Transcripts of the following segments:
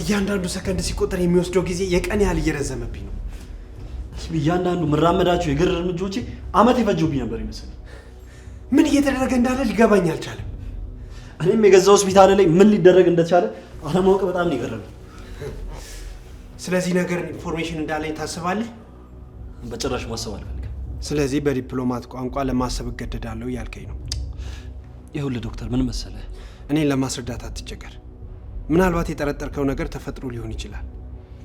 እያንዳንዱ ሰከንድ ሲቆጠር የሚወስደው ጊዜ የቀን ያህል እየረዘመብኝ ነው። እያንዳንዱ የምራመዳቸው የግር እርምጃዎቼ አመት የፈጀብኝ ነበር ይመስል። ምን እየተደረገ እንዳለ ሊገባኝ አልቻለም። እኔም የገዛ ሆስፒታል ላይ ምን ሊደረግ እንደቻለ አለማወቅ በጣም ይገረም። ስለዚህ ነገር ኢንፎርሜሽን እንዳለኝ ታስባለህ? በጭራሽ ማሰብ አልፈልግም። ስለዚህ በዲፕሎማት ቋንቋ ለማሰብ እገደዳለሁ ያልከኝ ነው? ይኸውልህ ዶክተር፣ ምን መሰለህ፣ እኔን ለማስረዳት አትቸገር። ምናልባት የጠረጠርከው ነገር ተፈጥሮ ሊሆን ይችላል።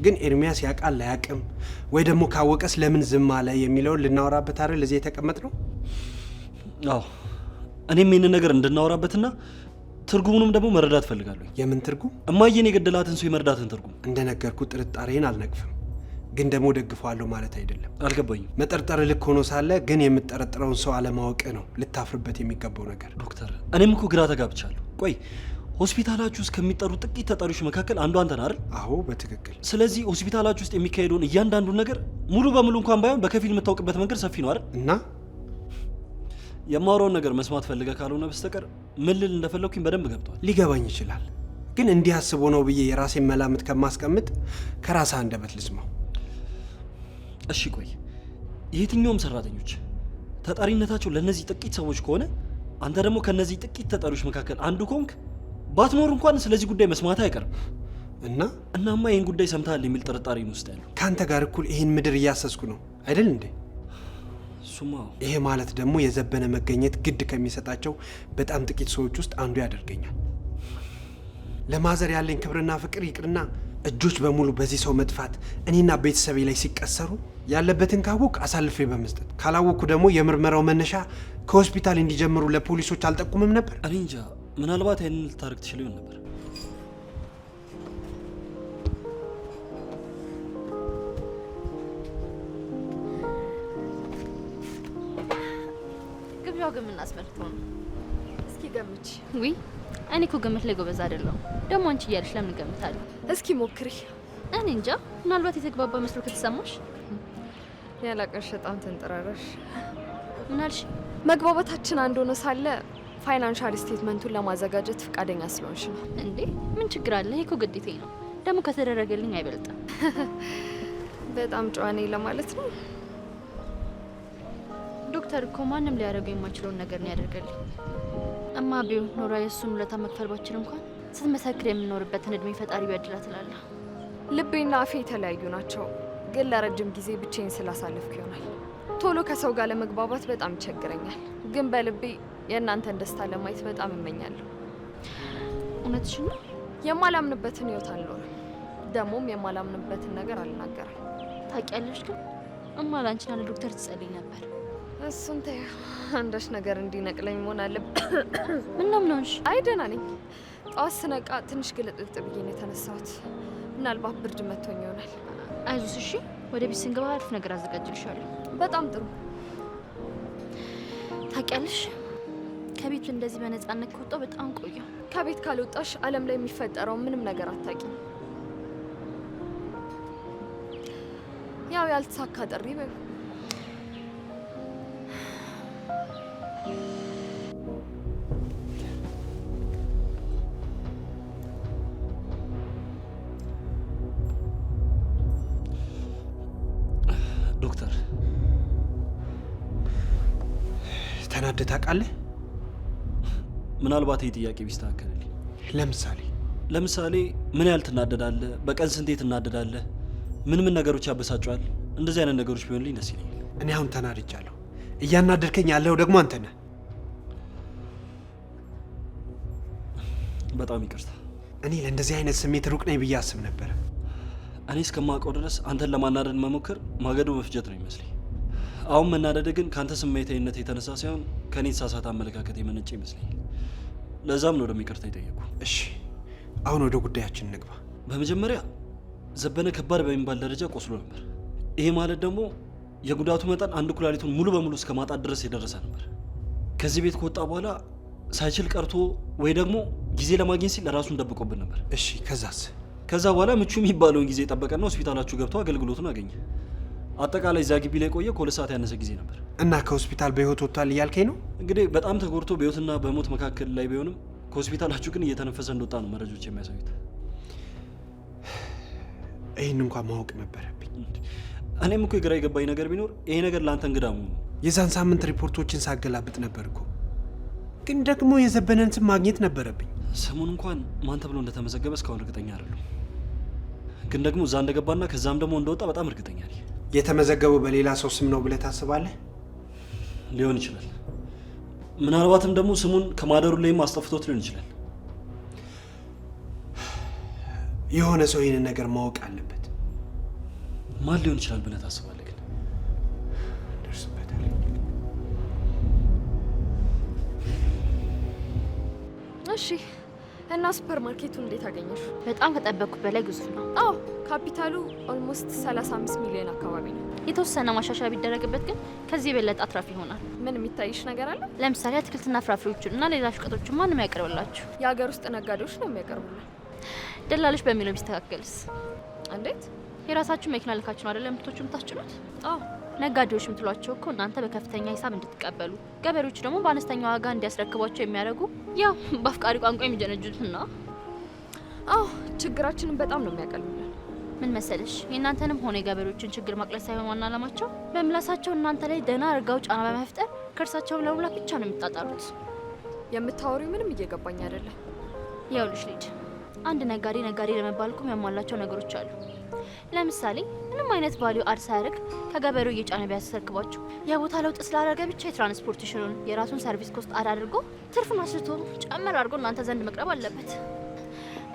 ግን ኤርሚያስ ያውቃል አያውቅም፣ ወይ ደግሞ ካወቀስ ለምን ዝም አለ የሚለውን ልናወራበት አይደል እዚህ የተቀመጥነው? አዎ እኔም ይህንን ነገር እንድናወራበትና ትርጉሙንም ደግሞ መረዳት ፈልጋለሁ። የምን ትርጉም? እማዬን የገደላትን ሰው የመረዳትን ትርጉም። እንደነገርኩ ጥርጣሬን አልነቅፍም፣ ግን ደግሞ ደግፈዋለሁ ማለት አይደለም። አልገባኝም። መጠርጠር ልክ ሆኖ ሳለ ግን የምጠረጥረውን ሰው አለማወቅ ነው ልታፍርበት የሚገባው ነገር። ዶክተር እኔም እኮ ግራ ተጋብቻለሁ። ቆይ ሆስፒታላችሁ ውስጥ ከሚጠሩ ጥቂት ተጠሪዎች መካከል አንዱ አንተን አይደል? አዎ፣ በትክክል። ስለዚህ ሆስፒታላችሁ ውስጥ የሚካሄደውን እያንዳንዱን ነገር ሙሉ በሙሉ እንኳን ባይሆን በከፊል የምታውቅበት መንገድ ሰፊ ነው አይደል? እና የማወራውን ነገር መስማት ፈልገ ካልሆነ በስተቀር ምን ልል እንደፈለግኩኝ በደንብ ገብቷል። ሊገባኝ ይችላል፣ ግን እንዲህ አስቦ ነው ብዬ የራሴን መላምት ከማስቀምጥ ከራስህ አንደበት ልስማው። እሺ፣ ቆይ የትኛውም ሰራተኞች ተጠሪነታቸው ለእነዚህ ጥቂት ሰዎች ከሆነ አንተ ደግሞ ከእነዚህ ጥቂት ተጠሪዎች መካከል አንዱ ከሆንክ ባትኖር እንኳን ስለዚህ ጉዳይ መስማት አይቀርም እና እናማ ይህን ጉዳይ ሰምተሃል የሚል ጥርጣሬ ውስጥ ያለው ከአንተ ጋር እኩል ይህን ምድር እያሰስኩ ነው አይደል እንዴ? ሱማ ይሄ ማለት ደግሞ የዘበነ መገኘት ግድ ከሚሰጣቸው በጣም ጥቂት ሰዎች ውስጥ አንዱ ያደርገኛል። ለማዘር ያለኝ ክብርና ፍቅር ይቅርና እጆች በሙሉ በዚህ ሰው መጥፋት እኔና ቤተሰቤ ላይ ሲቀሰሩ ያለበትን ካወቅ አሳልፌ በመስጠት ካላወቅኩ ደግሞ የምርመራው መነሻ ከሆስፒታል እንዲጀምሩ ለፖሊሶች አልጠቁምም ነበር። እኔ እንጃ ምናልባት ይህንን ልታደርግ ትችል ይሆን ነበር። ግብዣው ግን የምናስመልክተው ነው። እስኪ ገምች። ውይ እኔ እኮ ግምት ላይ ጎበዝ አይደለሁም። ደግሞ አንቺ እያለሽ ለምን ገምታለሁ? እስኪ ሞክሪ። እኔ እንጃ። ምናልባት የተግባባ መስሎ ከተሰማሽ ያላቀሽ በጣም ተንጠራራሽ። ምናልሽ መግባባታችን አንድ ሆኖ ሳለ ፋይናንሻል ስቴትመንቱን ለማዘጋጀት ፈቃደኛ ስለሆንሽ ነው። እንዴ ምን ችግር አለ? ይኮ ግዴታዬ ግዴቴ ነው። ደግሞ ከተደረገልኝ አይበልጥም። በጣም ጨዋ ለማለት ነው። ዶክተር እኮ ማንም ሊያደርገው የማይችለውን ነገር ነው ያደርገልኝ። እማ ቢው ኖራ የእሱን ውለታ መክፈል ባችል እንኳን ስትመሰክር የምኖርበትን እድሜ ፈጣሪ ቢያድላት እላለሁ። ልቤና አፌ የተለያዩ ናቸው፣ ግን ለረጅም ጊዜ ብቻዬን ስላሳለፍኩ ይሆናል ቶሎ ከሰው ጋር ለመግባባት በጣም ይቸግረኛል። ግን በልቤ የእናንተን ደስታ ለማየት በጣም እመኛለሁ። እውነትሽ ነው። የማላምንበትን ህይወት አለው ደግሞም የማላምንበትን ነገር አልናገርም። ታውቂያለሽ ግን እማላንቺና ዶክተር ትጸልይ ነበር። እሱን ተ አንዳች ነገር እንዲነቅለኝ መሆን አለብ ምንም ነው። አይ ደህና ነኝ። ጠዋት ስነቃ ትንሽ ግልጥልጥ ብዬ ነው የተነሳሁት። ምናልባት ብርድ መቶኝ ይሆናል። አይዞሽ እሺ። ወደ ቤት ስንገባ አሪፍ ነገር አዘጋጅልሻለሁ። በጣም ጥሩ ታውቂያለሽ ከቤት እንደዚህ በነፃነት ከወጣው በጣም ቆየሁ። ከቤት ካልወጣሽ ዓለም ላይ የሚፈጠረው ምንም ነገር አታውቂም። ያው ያልተሳካ ጥሪ በይ። ዶክተር ተናደ ታውቃለህ? ምናልባት ይህ ጥያቄ ቢስተካከልልኝ። ለምሳሌ ለምሳሌ ምን ያህል ትናደዳለህ? በቀን ስንቴ ትናደዳለህ? ምን ምን ነገሮች ያበሳጫዋል? እንደዚህ አይነት ነገሮች ቢሆንልኝ ደስ ይለኛል። እኔ አሁን ተናድጃለሁ። እያናደድከኝ ያለው ደግሞ አንተ ነህ። በጣም ይቅርታ። እኔ ለእንደዚህ አይነት ስሜት ሩቅ ነኝ ብዬ አስብ ነበር። እኔ እስከማውቀው ድረስ አንተን ለማናደድ መሞከር ማገዶ መፍጀት ነው ይመስለኝ። አሁን መናደደ ግን ከአንተ ስሜታዊነት የተነሳ ሳይሆን ከኔ የተሳሳተ አመለካከት የመነጨ ይመስለኛል። ለዛም ነው ይቅርታ የጠየቁ። እሺ አሁን ወደ ጉዳያችን እንግባ። በመጀመሪያ ዘበነ ከባድ በሚባል ደረጃ ቆስሎ ነበር። ይሄ ማለት ደግሞ የጉዳቱ መጠን አንድ ኩላሊቱን ሙሉ በሙሉ እስከ ማጣት ድረስ የደረሰ ነበር። ከዚህ ቤት ከወጣ በኋላ ሳይችል ቀርቶ ወይ ደግሞ ጊዜ ለማግኘት ሲል ራሱን ደብቆብን ነበር። እሺ ከዛስ? ከዛ በኋላ ምቹ የሚባለውን ጊዜ ጠበቀና ሆስፒታላችሁ ገብቶ አገልግሎቱን አገኘ። አጠቃላይ እዚያ ግቢ ላይ ቆየ ከሁለት ሰዓት ያነሰ ጊዜ ነበር። እና ከሆስፒታል በህይወት ወጥቷል እያልከኝ ነው? እንግዲህ በጣም ተጎድቶ በህይወትና በሞት መካከል ላይ ቢሆንም ከሆስፒታላችሁ ግን እየተነፈሰ እንደወጣ ነው መረጃዎች የሚያሳዩት። ይህን እንኳን ማወቅ ነበረብኝ። እኔም እኮ የግራ የገባኝ ነገር ቢኖር ይሄ ነገር ለአንተ እንግዳ መሆኑ። የዛን ሳምንት ሪፖርቶችን ሳገላብጥ ነበር እኮ ግን ደግሞ የዘበነን ስም ማግኘት ነበረብኝ። ስሙን እንኳን ማን ተብሎ እንደተመዘገበ እስካሁን እርግጠኛ አይደለሁ፣ ግን ደግሞ እዛ እንደገባና ከዛም ደግሞ እንደወጣ በጣም እርግጠኛ ነኝ። የተመዘገበው በሌላ ሰው ስም ነው ብለህ ታስባለህ? ሊሆን ይችላል። ምናልባትም ደግሞ ስሙን ከማደሩ ላይም አስጠፍቶት ሊሆን ይችላል። የሆነ ሰው ይህንን ነገር ማወቅ አለበት። ማን ሊሆን ይችላል ብለህ ታስባለህ? ግን እሺ እና ሱፐር ማርኬቱ እንዴት አገኘሽ? በጣም ከጠበቅኩት በላይ ግዙፍ ነው። አዎ ካፒታሉ ኦልሞስት 35 ሚሊዮን አካባቢ ነው። የተወሰነ ማሻሻያ ቢደረግበት ግን ከዚህ የበለጠ አትራፊ ይሆናል። ምን የሚታይሽ ነገር አለ? ለምሳሌ አትክልትና ፍራፍሬዎቹን እና ሌላ ሸቀጦችን ማንም ያቀርብላችሁ? የሀገር ውስጥ ነጋዴዎች ነው የሚያቀርቡልን። ደላሎች በሚለው ቢስተካከልስ? እንዴት? የራሳችሁ መኪና ልካችሁ ነው አይደለም ምርቶቹ ምታስጭኑት? አዎ ነጋዴዎች የምትሏቸው እኮ እናንተ በከፍተኛ ሂሳብ እንድትቀበሉ፣ ገበሬዎች ደግሞ በአነስተኛ ዋጋ እንዲያስረክቧቸው የሚያደርጉ ያው በአፍቃሪ ቋንቋ የሚጀነጁትና አዎ ችግራችንን በጣም ነው የሚያቀሉልን። ምን መሰለሽ የእናንተንም ሆነ የገበሬዎችን ችግር ማቅለል ሳይሆን ዋና አላማቸው በምላሳቸው እናንተ ላይ ደህና አድርገው ጫና በመፍጠር ከእርሳቸውም ለሙላት ብቻ ነው የሚጣጣሩት። የምታወሪው ምንም እየገባኝ አይደለም። ያው ልጅ አንድ ነጋዴ ነጋዴ ለመባል እኮ ነገሮች አሉ። ለምሳሌ ምንም አይነት ቫሊዩ አድ ሳያደርግ ከገበሬው እየጫነ ቢያስረክባችሁ የቦታ ለውጥ ስላደረገ ብቻ የትራንስፖርቴሽኑን የራሱን ሰርቪስ ኮስት አድ አድርጎ ትርፉን አስርቶ ጨመር አድርጎ እናንተ ዘንድ መቅረብ አለበት።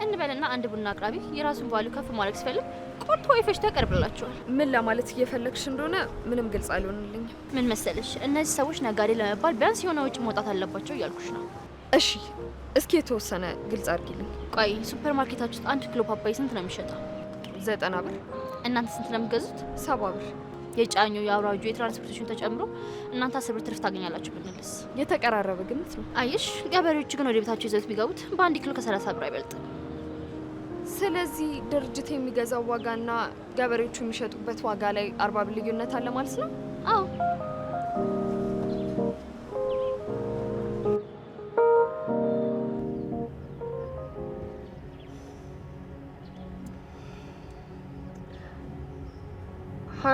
እንበልና አንድ ቡና አቅራቢ የራሱን ቫሊዩ ከፍ ማድረግ ሲፈልግ ቆርጦ ወይ ፈጭቶ ምን ለማለት እየፈለግሽ እንደሆነ ምንም ግልጽ አልሆንልኝም። ምን መሰለሽ፣ እነዚህ ሰዎች ነጋዴ ለመባል ቢያንስ የሆነ ውጭ መውጣት አለባቸው እያልኩሽ ነው። እሺ እስኪ የተወሰነ ግልጽ አድርጊልኝ። ቆይ ሱፐር ማርኬታችሁ ውስጥ አንድ ኪሎ ፓፓይ ስንት ነው የሚሸጠው? ዘጠና ብር እናንተ ስንት ነው የምትገዙት? ሰባ ብር የጫኙ የአውራጁ የትራንስፖርቴሽን ተጨምሮ እናንተ አስር ብር ትርፍ ታገኛላችሁ ብንልስ? የተቀራረበ ግምት ነው። አየሽ፣ ገበሬዎች ግን ወደ ቤታቸው ይዘውት የሚገቡት በአንድ ኪሎ ከሰላሳ ብር አይበልጥም። ስለዚህ ድርጅት የሚገዛው ዋጋና ገበሬዎቹ የሚሸጡበት ዋጋ ላይ አርባ ብር ልዩነት አለ ማለት ነው። አዎ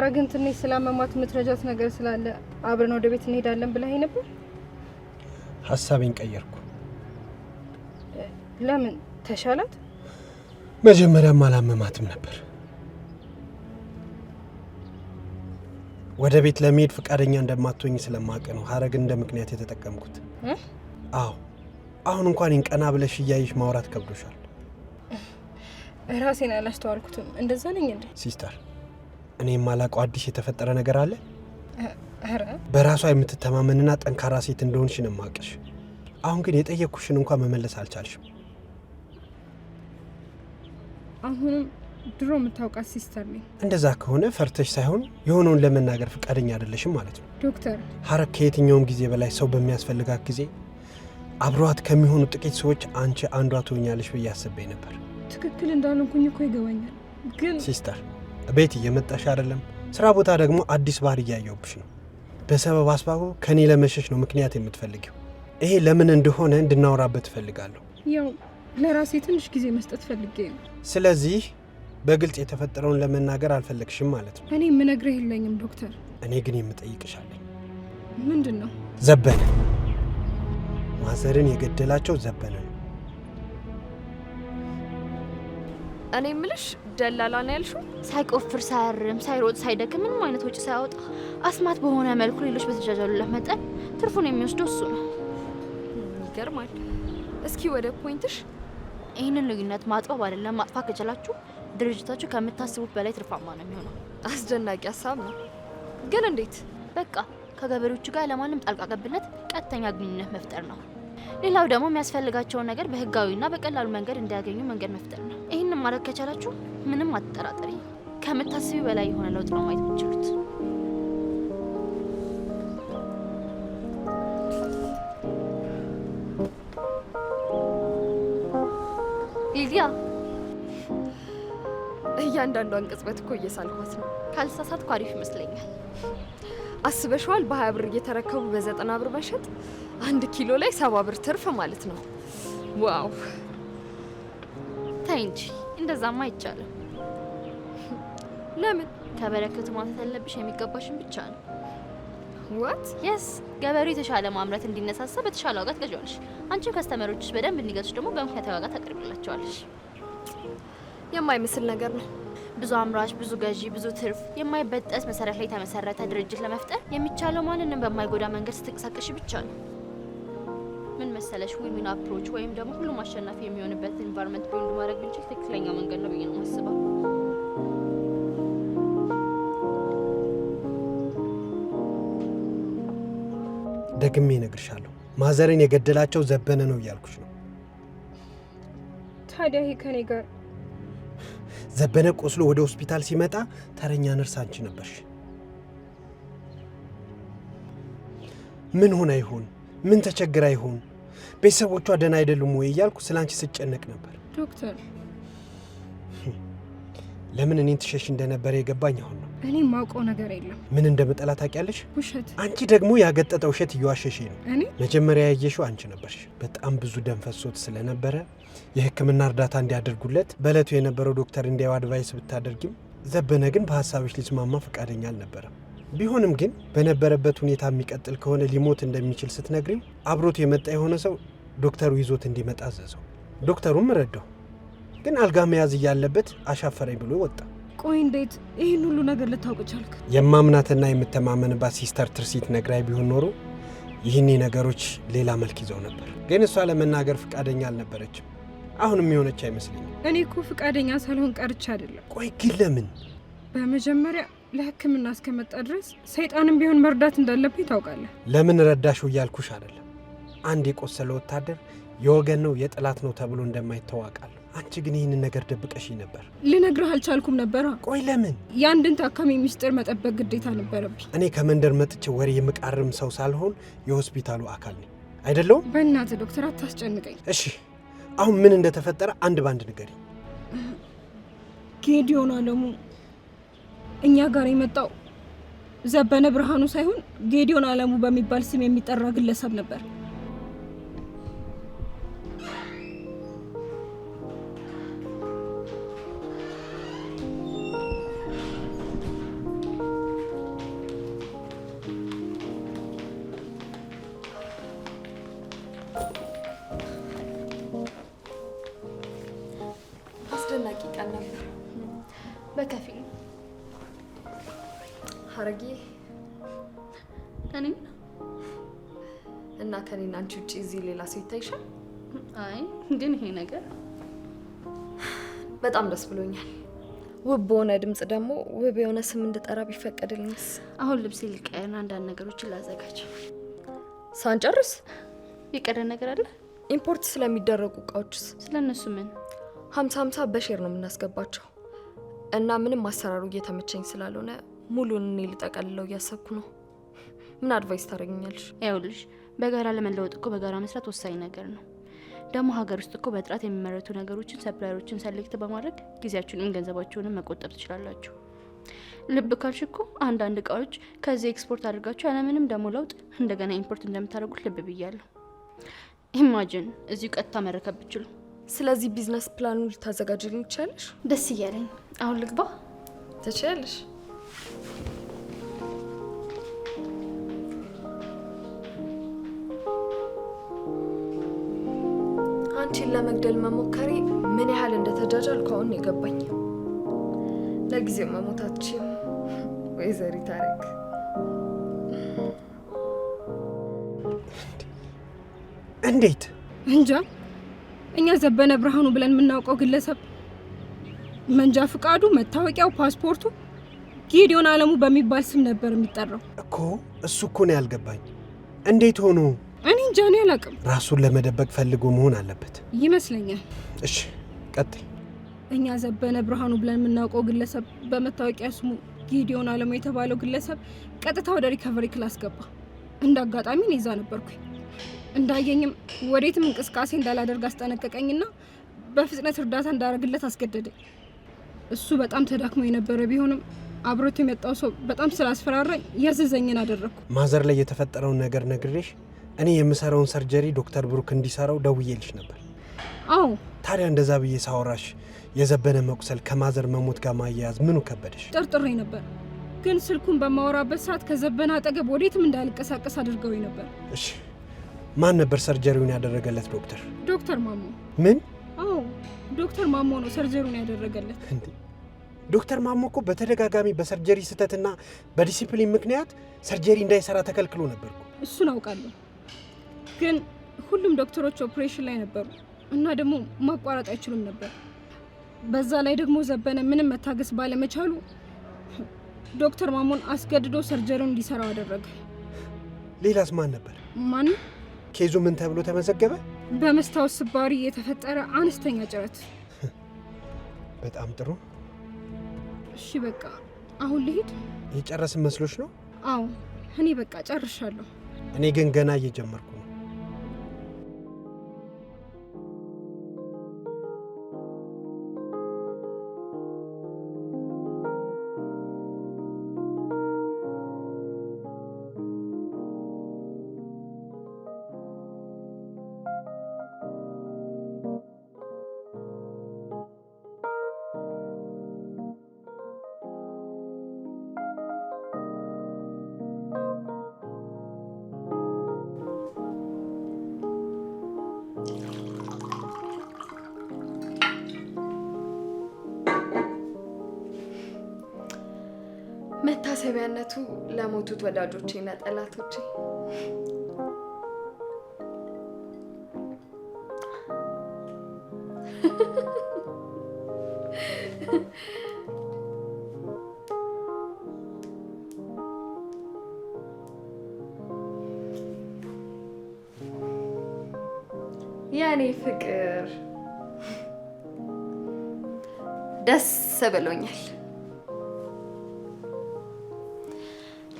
ኧረ ግን ትንሽ ስላመማት የምትረጃት ነገር ስላለ አብረን ወደ ቤት እንሄዳለን ብለኸኝ ነበር። ሀሳቤን ቀየርኩ። ለምን ተሻላት? መጀመሪያም አላመማትም ነበር። ወደ ቤት ለመሄድ ፈቃደኛ እንደማትሆኝ ስለማቀ ነው ሀረግን እንደ ምክንያት የተጠቀምኩት። አዎ አሁን እንኳን ይንቀና ቀና ብለሽ እያየሽ ማውራት ከብዶሻል። ራሴን አላስተዋልኩትም። እንደዛ ነኝ እንዴ ሲስተር? እኔ የማላውቀው አዲስ የተፈጠረ ነገር አለ? በራሷ የምትተማመንና ጠንካራ ሴት እንደሆንሽ ነው የማውቅሽ። አሁን ግን የጠየቅኩሽን እንኳን መመለስ አልቻልሽም። አሁንም ድሮ የምታውቃት ሲስተር ነኝ። እንደዛ ከሆነ ፈርተሽ ሳይሆን የሆነውን ለመናገር ፈቃደኛ አይደለሽም ማለት ነው። ዶክተር ሀረግ ከየትኛውም ጊዜ በላይ ሰው በሚያስፈልጋት ጊዜ አብሯት ከሚሆኑ ጥቂት ሰዎች አንቺ አንዷ ትሆኛለሽ ብዬ አስቤ ነበር። ትክክል እንዳልኩኝ እኮ ይገባኛል፣ ግን ሲስተር ቤት እየመጣሽ አይደለም። ስራ ቦታ ደግሞ አዲስ ባህር እያየውብሽ ነው። በሰበብ አስባቡ ከኔ ለመሸሽ ነው ምክንያት የምትፈልጊው። ይሄ ለምን እንደሆነ እንድናወራበት እፈልጋለሁ። ያው ለራሴ ትንሽ ጊዜ መስጠት ፈልጌ ነው። ስለዚህ በግልጽ የተፈጠረውን ለመናገር አልፈለግሽም ማለት ነው። እኔ የምነግርህ የለኝም ዶክተር። እኔ ግን የምጠይቅሻለኝ። ምንድን ነው? ዘበነ ማዘርን የገደላቸው ዘበነ ነው። እኔ ምልሽ ደላላ ነው ያልሽው? ሳይቆፍር ሳያርም ሳይሮጥ ሳይደክም ምንም አይነት ወጪ ሳያወጣ አስማት በሆነ መልኩ ሌሎች በተጃጃሉለት መጠን ትርፉን የሚወስደው እሱ ነው። ይገርማል። እስኪ ወደ ፖይንትሽ። ይህንን ልዩነት ማጥበብ አይደለም ማጥፋት ከቻላችሁ ድርጅታችሁ ከምታስቡት በላይ ትርፋማ ነው የሚሆነው። አስደናቂ ሀሳብ ነው፣ ግን እንዴት? በቃ ከገበሬዎቹ ጋር ለማንም ጣልቃ ገብነት ቀጥተኛ ግንኙነት መፍጠር ነው። ሌላው ደግሞ የሚያስፈልጋቸውን ነገር በህጋዊና በቀላሉ መንገድ እንዲያገኙ መንገድ መፍጠር ነው። ይህንን ማድረግ ከቻላችሁ ምንም አትጠራጠሪ፣ ከምታስቢ በላይ የሆነ ለውጥ ነው ማየት የምችሉት ሊዲያ እያንዳንዷን ቅጽበት እኮ እየሳልኳት ነው። ካልሳሳትኩ አሪፍ ይመስለኛል። አስበሽዋል። በሀያ ብር እየተረከቡ በዘጠና ብር መሸጥ አንድ ኪሎ ላይ ሰባ ብር ትርፍ ማለት ነው። ዋው ተይ እንጂ እንደዛማ አይቻልም። ለምን ከበረከቱ ማለት ያለብሽ የሚገባሽን ብቻ ነው። ዋት የስ ገበሬው የተሻለ ማምረት እንዲነሳሳ በተሻለ ዋጋ ትገዣዋለሽ። አንቺም ከስተመሮችሽ በደንብ እንዲገዙሽ ደግሞ በምክንያታዊ ዋጋ ታቀርብላቸዋለሽ። የማይመስል ነገር ነው። ብዙ አምራች፣ ብዙ ገዢ፣ ብዙ ትርፍ የማይበጠስ መሰረት ላይ የተመሰረተ ድርጅት ለመፍጠር የሚቻለው ማንንም በማይጎዳ መንገድ ስትንቀሳቀሽ ብቻ ነው። ምን መሰለሽ ዊሚን አፕሮች ወይም ደግሞ ሁሉም አሸናፊ የሚሆንበት ኢንቫይሮንመንት ቢልድ ማድረግ ብንችል ትክክለኛ መንገድ ነው ብዬ ነው ማስበው። ደግሜ እነግርሻለሁ ማዘርን የገደላቸው ዘበነ ነው እያልኩሽ ነው። ታዲያ ይሄ ከኔ ጋር ዘበነ ቆስሎ ወደ ሆስፒታል ሲመጣ ተረኛ ነርስ አንቺ ነበርሽ። ምን ሆና ይሆን? ምን ተቸግራ ይሆን? ቤተሰቦቿ ደህና አይደሉም ወይ እያልኩ ስለ አንቺ ስጨነቅ ነበር ዶክተር። ለምን እኔን ትሸሽ እንደነበረ የገባኝ አሁን ነው። እኔ የማውቀው ነገር የለም። ምን እንደምጠላ ታውቂያለሽ? ውሸት። አንቺ ደግሞ ያገጠጠ ውሸት እየዋሸሽኝ ነው። እኔ መጀመሪያ ያየሽው አንቺ ነበርሽ። በጣም ብዙ ደም ፈሶት ስለነበረ የሕክምና እርዳታ እንዲያደርጉለት በእለቱ የነበረው ዶክተር እንዲያው አድቫይስ ብታደርጊም ዘበነ ግን በሀሳብሽ ሊስማማ ፈቃደኛ አልነበረም። ቢሆንም ግን በነበረበት ሁኔታ የሚቀጥል ከሆነ ሊሞት እንደሚችል ስትነግሪም አብሮት የመጣ የሆነ ሰው ዶክተሩ ይዞት እንዲመጣ አዘዘው። ዶክተሩም ረዳው። ግን አልጋ መያዝ እያለበት አሻፈረኝ ብሎ ወጣ። ቆይ እንዴት ይህን ሁሉ ነገር ልታውቅ ቻልክ? የማምናትና የምተማመንባት ሲስተር ትርሲት ነግራይ ቢሆን ኖሮ ይህን ነገሮች ሌላ መልክ ይዘው ነበር። ግን እሷ ለመናገር ፍቃደኛ አልነበረችም። አሁንም የሆነች አይመስለኝም። እኔ እኮ ፍቃደኛ ሳልሆን ቀርቻ አይደለም። ቆይ ግን ለምን? በመጀመሪያ ለሕክምና እስከመጣ ድረስ ሰይጣንም ቢሆን መርዳት እንዳለብኝ ታውቃለህ። ለምን ረዳሽው እያልኩሽ አይደለም። አንድ የቆሰለ ወታደር የወገን ነው የጠላት ነው ተብሎ እንደማይተዋቃል አንቺ ግን ይህንን ነገር ደብቀሽ ነበር። ልነግርህ አልቻልኩም ነበር። ቆይ ለምን? የአንድን ታካሚ ሚስጥር መጠበቅ ግዴታ ነበረብኝ። እኔ ከመንደር መጥቼ ወሬ የምቃርም ሰው ሳልሆን የሆስፒታሉ አካል ነኝ አይደለሁም? በእናትህ ዶክተር አታስጨንቀኝ። እሺ አሁን ምን እንደተፈጠረ አንድ ባንድ ንገሪኝ። ጌዲዮን አለሙ እኛ ጋር የመጣው ዘበነ ብርሃኑ ሳይሆን ጌዲዮን አለሙ በሚባል ስም የሚጠራ ግለሰብ ነበር። ከአንቺ ውጭ እዚህ ሌላ ሰው ይታይሻል? አይ ግን ይሄ ነገር በጣም ደስ ብሎኛል። ውብ በሆነ ድምፅ ደግሞ ውብ የሆነ ስም እንድጠራ ቢፈቀድልኝስ? አሁን ልብሴ ልቀየርና አንዳንድ ነገሮችን ላዘጋጅ። ሳንጨርስ የቀረ ነገር አለ? ኢምፖርት ስለሚደረጉ እቃዎችስ? ስለ እነሱ ምን? ሀምሳ ሀምሳ በሼር ነው የምናስገባቸው እና ምንም አሰራሩ እየተመቸኝ ስላልሆነ ሙሉን እኔ ልጠቀልለው እያሰብኩ ነው። ምን አድቫይስ ታደርግኛለሽ? ይኸውልሽ በጋራ ለመለወጥ እኮ በጋራ መስራት ወሳኝ ነገር ነው። ደግሞ ሀገር ውስጥ እኮ በጥራት የሚመረቱ ነገሮችን ሰፕላየሮችን ሰሌክት በማድረግ ጊዜያችሁንም ገንዘባችሁንም መቆጠብ ትችላላችሁ። ልብ ካልሽ እኮ አንዳንድ እቃዎች ከዚህ ኤክስፖርት አድርጋችሁ ያለምንም ደግሞ ለውጥ እንደገና ኢምፖርት እንደምታደርጉት ልብ ብያለሁ። ኢማጅን እዚሁ ቀጥታ መረከብ ብችሉ። ስለዚህ ቢዝነስ ፕላኑ ልታዘጋጅልኝ ትችላለሽ? ደስ እያለኝ አሁን ልግባ። ትችላለሽ? አንቺን ለመግደል መሞከሬ ምን ያህል እንደተጃጃልኩ አሁን የገባኝ። ለጊዜው መሞታችን ወይዘሪ ታሪክ እንዴት እንጃ። እኛ ዘበነ ብርሃኑ ብለን የምናውቀው ግለሰብ መንጃ ፍቃዱ፣ መታወቂያው፣ ፓስፖርቱ ጊዲዮን አለሙ በሚባል ስም ነበር የሚጠራው እኮ። እሱ እኮ ነው ያልገባኝ። እንዴት ሆኖ እኔ እንጃ እኔ አላውቅም። ራሱን ለመደበቅ ፈልጎ መሆን አለበት ይመስለኛል። እሺ ቀጥል። እኛ ዘበነ ብርሃኑ ብለን የምናውቀው ግለሰብ በመታወቂያ ስሙ ጊዲዮን አለሙ የተባለው ግለሰብ ቀጥታ ወደ ሪከቨሪ ክላስ ገባ። እንደ አጋጣሚ እኔ እዛ ነበርኩኝ። እንዳየኝም ወዴትም እንቅስቃሴ እንዳላደርግ አስጠነቀቀኝና በፍጥነት እርዳታ እንዳደረግለት አስገደደኝ። እሱ በጣም ተዳክሞ የነበረ ቢሆንም አብሮት የመጣው ሰው በጣም ስላስፈራራኝ ያዘዘኝን አደረግኩ። ማዘር ላይ የተፈጠረውን ነገር ነግሬሽ እኔ የምሰራውን ሰርጀሪ ዶክተር ብሩክ እንዲሰራው ደውዬልሽ ነበር። አዎ። ታዲያ እንደዛ ብዬ ሳወራሽ የዘበነ መቁሰል ከማዘር መሞት ጋር ማያያዝ ምኑ ከበደሽ? ጠርጥሬ ነበር፣ ግን ስልኩን በማወራበት ሰዓት ከዘበነ አጠገብ ወዴትም እንዳልቀሳቀስ አድርገው ነበር። እሺ፣ ማን ነበር ሰርጀሪውን ያደረገለት? ዶክተር ዶክተር ማሞ። ምን? አዎ፣ ዶክተር ማሞ ነው ሰርጀሪውን ያደረገለት። እንዴ ዶክተር ማሞ እኮ በተደጋጋሚ በሰርጀሪ ስህተትና በዲሲፕሊን ምክንያት ሰርጀሪ እንዳይሰራ ተከልክሎ ነበርኩ እሱን አውቃለሁ ግን ሁሉም ዶክተሮች ኦፕሬሽን ላይ ነበሩ እና ደግሞ ማቋረጥ አይችሉም ነበር። በዛ ላይ ደግሞ ዘበነ ምንም መታገስ ባለመቻሉ ዶክተር ማሞን አስገድዶ ሰርጀሪውን እንዲሰራው አደረገ። ሌላስ ማን ነበር? ማን ኬዙ ምን ተብሎ ተመዘገበ? በመስታወት ስባሪ የተፈጠረ አነስተኛ ጭረት። በጣም ጥሩ። እሺ በቃ አሁን ልሂድ። የጨረስን መስሎች ነው? አዎ እኔ በቃ ጨርሻለሁ። እኔ ግን ገና እየጀመርኩ መታሰቢያነቱ ለሞቱት ወዳጆቼና ጠላቶቼ የኔ ፍቅር ደስ ብሎኛል።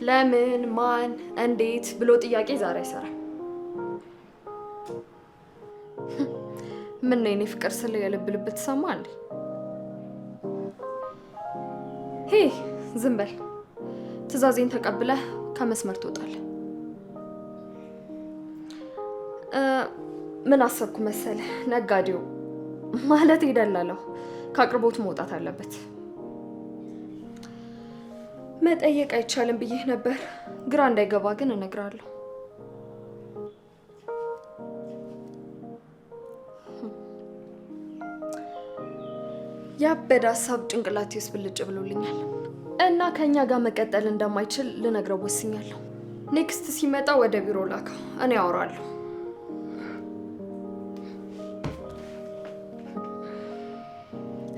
ለምን ማን እንዴት ብሎ ጥያቄ ዛሬ አይሰራም። ምን ነው የኔ ፍቅር ስለ የልብ ልብ ትሰማል። ሄ ዝም በል። ትዕዛዜን ተቀብለህ ከመስመር ትወጣለህ። ምን አሰብኩ መሰለህ? ነጋዴው ማለት ይደላለሁ ከአቅርቦት መውጣት አለበት። መጠየቅ አይቻልም ብዬ ነበር። ግራ እንዳይገባ ግን እነግራለሁ። ያበደ ሀሳብ ጭንቅላቴ ውስጥ ብልጭ ብሎልኛል እና ከእኛ ጋር መቀጠል እንደማይችል ልነግረው ወስኛለሁ። ኔክስት ሲመጣ ወደ ቢሮ ላካ፣ እኔ አወራለሁ።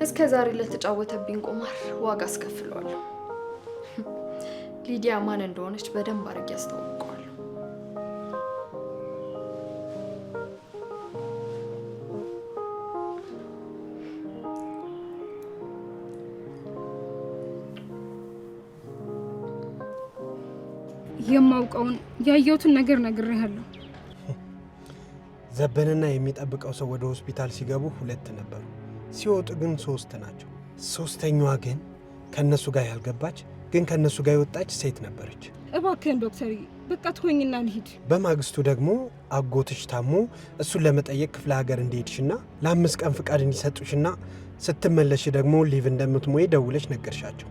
እስከ ዛሬ ለተጫወተብኝ ቁማር ዋጋ አስከፍለዋለሁ። ሊዲያ ማን እንደሆነች በደንብ አድርጌ አስታውቀዋለሁ። የማውቀውን ያየሁትን ነገር ነግሬሃለሁ። ዘበንና የሚጠብቀው ሰው ወደ ሆስፒታል ሲገቡ ሁለት ነበሩ፣ ሲወጡ ግን ሶስት ናቸው። ሶስተኛዋ ግን ከእነሱ ጋር ያልገባች ግን ከእነሱ ጋር የወጣች ሴት ነበረች። እባክህን ዶክተር በቃ ትሆኝና እንሂድ። በማግስቱ ደግሞ አጎትሽ ታሞ እሱን ለመጠየቅ ክፍለ ሀገር እንዲሄድሽና ለአምስት ቀን ፍቃድ እንዲሰጡሽና ስትመለሽ ደግሞ ሊቭ እንደምትሞይ ደውለሽ ነገርሻቸው።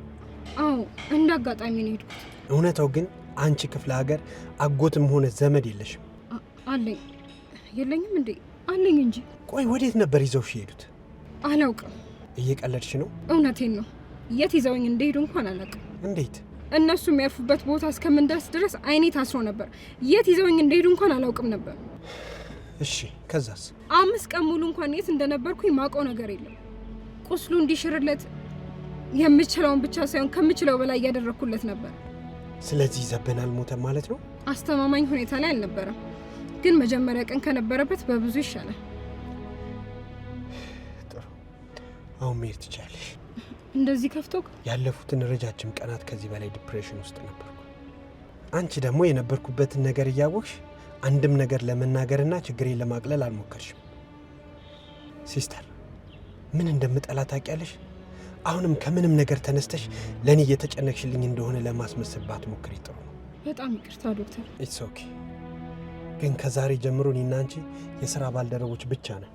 አዎ እንደ አጋጣሚ ነው የሄድኩት። እውነታው ግን አንቺ ክፍለ ሀገር አጎትም ሆነ ዘመድ የለሽም። አለኝ የለኝም እንዴ አለኝ እንጂ። ቆይ ወዴት ነበር ይዘውሽ የሄዱት? አላውቅም። እየቀለድሽ ነው? እውነቴን ነው የት ይዘውኝ እንደሄዱ እንኳን አላውቅም። እንዴት እነሱ የሚያርፉበት ቦታ እስከምንደርስ ድረስ አይኔ ታስሮ ነበር። የት ይዘውኝ እንደሄዱ እንኳን አላውቅም ነበር። እሺ ከዛስ? አምስት ቀን ሙሉ እንኳን የት እንደነበርኩኝ ማውቀው ነገር የለም። ቁስሉ እንዲሽርለት የምችለውን ብቻ ሳይሆን ከምችለው በላይ እያደረግኩለት ነበር። ስለዚህ ዘበን አልሞተም ማለት ነው። አስተማማኝ ሁኔታ ላይ አልነበረም፣ ግን መጀመሪያ ቀን ከነበረበት በብዙ ይሻላል። ጥሩ፣ አሁን መሄድ ትችያለሽ። እንደዚህ ከፍቶ ያለፉትን ረጃጅም ቀናት ከዚህ በላይ ዲፕሬሽን ውስጥ ነበርኩ። አንቺ ደግሞ የነበርኩበትን ነገር እያወቅሽ አንድም ነገር ለመናገርና ችግሬን ለማቅለል አልሞከርሽም። ሲስተር ምን እንደምጠላ ታውቂያለሽ። አሁንም ከምንም ነገር ተነስተሽ ለእኔ እየተጨነቅሽልኝ እንደሆነ ለማስመሰል ባትሞክሪ ጥሩ ነው። በጣም ይቅርታ ዶክተር። ኢትስ ኦኬ። ግን ከዛሬ ጀምሮ እኔና አንቺ የሥራ ባልደረቦች ብቻ ነን።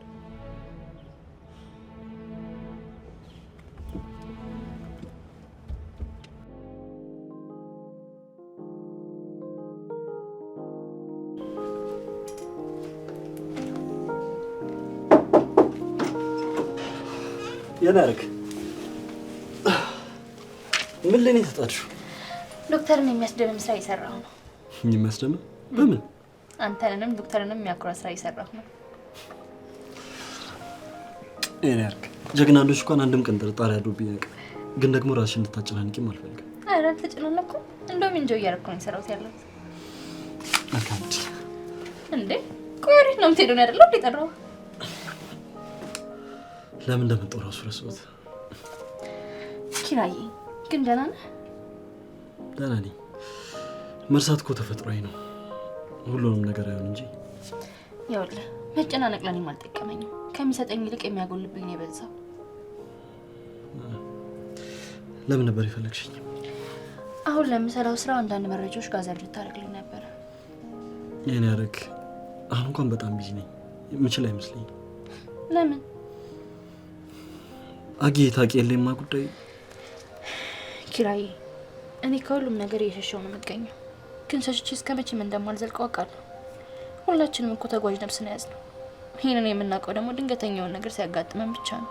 የናርክ ምን ለኔ ተጣድሽው? ዶክተርን የሚያስደምም ስራ እየሰራሁ ነው። የሚያስደምም በምን? አንተንም ዶክተርንም የሚያኩራ ስራ እየሰራሁ ነው። የናርክ ጀግና አንዶች እንኳን አንድም ቀን ጥርጣሬ ያሉብኝ አያውቅም። ግን ደግሞ ራስሽ እንድታጨናንቂም አልፈልግም። ኧረ አልተጨናነኩም። እንደውም እንጆ እያደረኩ ነው የሰራሁት ያለሁት። መልካም እንዴ ቆይ ወዴት ነው የምትሄደው? ነው አይደለ እንዴ ጠራሁህ ለምን እንደመጣሁ እራሱ ረሳሁት። ኪራዬ ግን ደህና ነህ? ደህና ነኝ። መርሳት እኮ ተፈጥሯዊ ነው። ሁሉንም ነገር አይሆን እንጂ ያውለ መጨናነቅ ለእኔም አልጠቀመኝም። ከሚሰጠኝ ይልቅ የሚያጎልብኝ ነው የበዛው። ለምን ነበር የፈለግሽኝ? አሁን ለምሰራው ስራ አንዳንድ መረጃዎች ጋዘር ልታደርግልኝ ነበረ። ይህን ያደርግ። አሁን እንኳን በጣም ቢዚ ነኝ፣ የምችል አይመስለኝም። ለምን አጌ ታውቂ የለማ ጉዳይ ኪራዬ፣ እኔ ከሁሉም ነገር እየሸሸው ነው የምገኘው። ግን ሸሽቼ እስከ መቼም እንደማልዘልቀው አውቃለሁ። ሁላችንም እኮ ተጓዥ ነብስ ነው ያዝ ነው። ይህንን የምናውቀው ደግሞ ድንገተኛውን ነገር ሲያጋጥመን ብቻ ነው።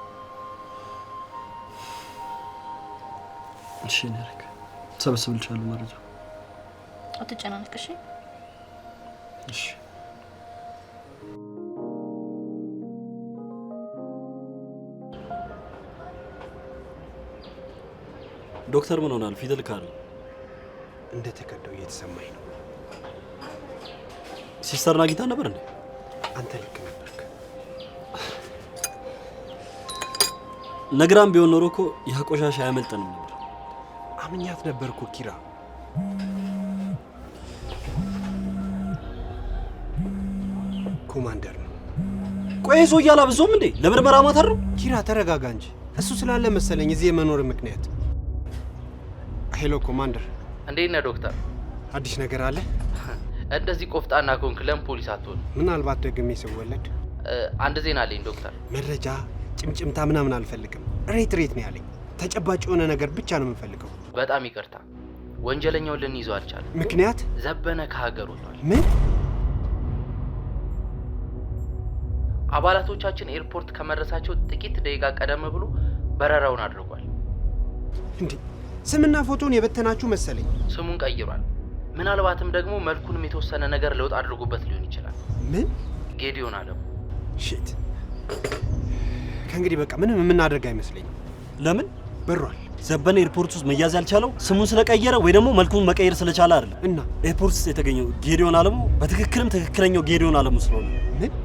እሺ ነረክ ሰበስብልሻለሁ መረጃ። አትጨናነቅ እሺ። እሺ ዶክተር ምን ሆናል? ፊደል ካሉ እንደተከደው እየተሰማኝ ነው። ሲስተር ናጊታ ነበር እንዴ? አንተ ልክ ነበርክ። ነግራም ቢሆን ኖሮ እኮ ያ ቆሻሻ አያመልጠንም ነበር። አምኛት ነበርኩ ኪራ። ኮማንደር ነው። ቆይ ሰው እያላብዞም እንዴ? ለምርመራ ማታረው። ኪራ ተረጋጋ እንጂ እሱ ስላለ መሰለኝ እዚህ የመኖር ምክንያት ሄሎ ኮማንደር፣ እንዴት ነህ ዶክተር? አዲስ ነገር አለ? እንደዚህ ቆፍጣና ከሆንክ ለምን ፖሊስ አትሆን? ምናልባት ደግሜ ስወለድ አንድ ዜና አለኝ ዶክተር። መረጃ ጭምጭምታ ምናምን አልፈልግም። ሬት ሬት ነው ያለኝ። ተጨባጭ የሆነ ነገር ብቻ ነው የምንፈልገው። በጣም ይቅርታ፣ ወንጀለኛውን ልንይዘው አልቻለም። ምክንያት ዘበነ ከሀገር ወጥቷል። ምን? አባላቶቻችን ኤርፖርት ከመድረሳቸው ጥቂት ደቂቃ ቀደም ብሎ በረራውን አድርጓል። እንዴ ስምና ፎቶን የበተናችሁ መሰለኝ። ስሙን ቀይሯል። ምናልባትም ደግሞ መልኩንም የተወሰነ ነገር ለውጥ አድርጉበት ሊሆን ይችላል። ምን ጌዲዮን አለው። ሽት ከእንግዲህ በቃ ምንም የምናደርግ አይመስለኝም። ለምን በሯል። ዘበነ ኤርፖርት ውስጥ መያዝ ያልቻለው ስሙን ስለቀየረ ወይ ደግሞ መልኩን መቀየር ስለቻለ አይደለም። እና ኤርፖርት ውስጥ የተገኘው ጌዲዮን አለሙ በትክክልም ትክክለኛው ጌዲዮን አለሙ ስለሆነ ምን